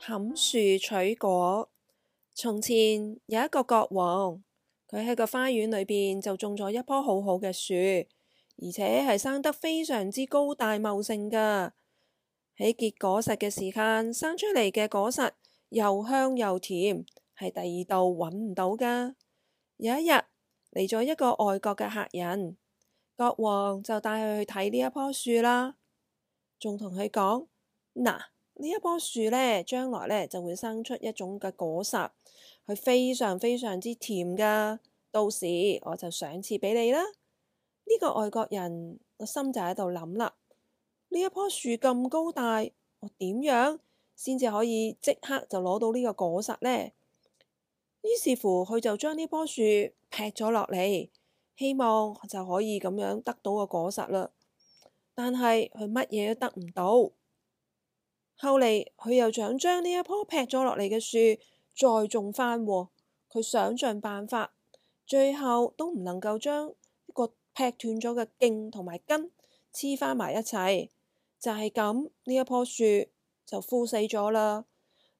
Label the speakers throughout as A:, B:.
A: 砍樹取果。從前有一個國王，佢喺個花園裏邊就種咗一棵好好嘅樹，而且係生得非常之高大茂盛噶。喺結果實嘅時間，生出嚟嘅果實又香又甜，係第二度搵唔到噶。有一日嚟咗一個外國嘅客人，國王就帶佢去睇呢一棵樹啦，仲同佢講嗱。樹，呢一棵樹呢，將來呢就會生出一種嘅果實，佢非常非常之甜噶，到時我就賞賜俾你啦。呢個外國人個心就喺度諗啦，「呢一棵樹咁高大，我點樣先至可以即刻就攞到呢個果實呢？」於是乎，佢就將呢棵樹劈咗落嚟，希望就可以咁樣得到個果實啦。但係佢乜嘢都得唔到。後嚟佢又想將呢一棵劈咗落嚟嘅樹再種返，佢想盡辦法，最後都唔能夠將一個劈斷咗嘅莖同埋根黐返埋一齊，就係咁呢一棵樹就枯死咗啦。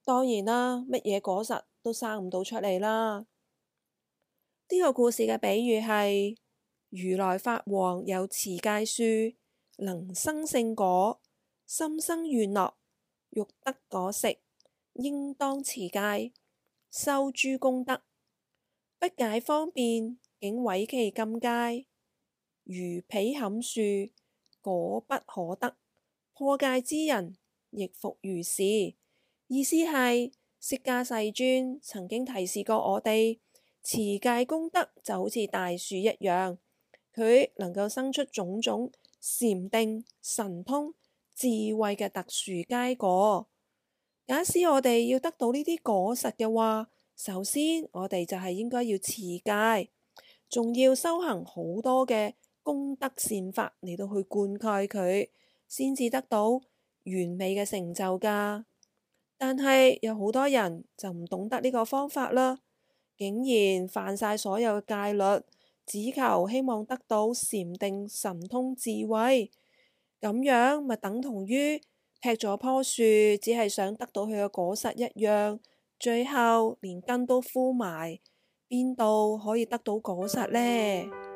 A: 當然啦，乜嘢果實都生唔到出嚟啦。呢、呢個故事嘅比喻係如來法王有持戒樹，能生勝果，心生願樂。欲得果實，應當持戒，修諸功德。不解方便，竟毀其禁戒，如彼砍樹，果不可得。破戒之人，亦復如是。意思係釋迦世尊曾經提示過我哋，持戒功德就好似大樹一樣，佢能夠生出種種禪定神通，智慧嘅特殊佳果。假使我哋要得到呢啲果實嘅話，首先我哋就係應該要持戒，仲要修行好多嘅功德善法嚟到去灌溉佢，先至得到完美嘅成就噶。但係有好多人就唔懂得呢個方法啦，竟然犯晒所有嘅戒律，只求希望得到禪定神通智慧。咁樣咪等同於劈咗樖樹，只係想得到佢嘅果實一樣，最後連根都枯埋，邊度可以得到果實呢？